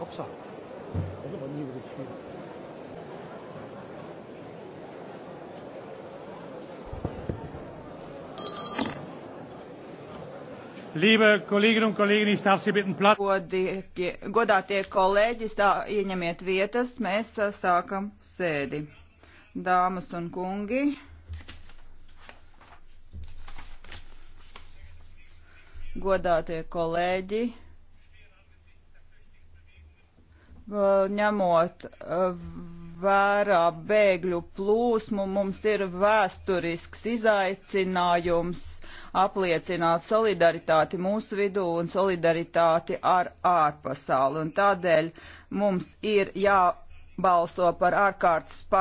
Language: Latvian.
Hop ça. On va niveau dessus. Liebe Kolleginnen und Kollegen, ich darf Sie bitten, Platz. Godātie kolēģi, stā, ieņemiet vietas, mēs sākam sēdi. Dāmas un kungi. Godātie kolēģi. Eh, ņemot eh, vērā bēgļu plūsmu, mums ir vēsturisks izaicinājums apliecināt solidaritāti mūsu vidū un solidaritāti ar ārpasauli. Un tādēļ mums ir jābalso par ārkārtas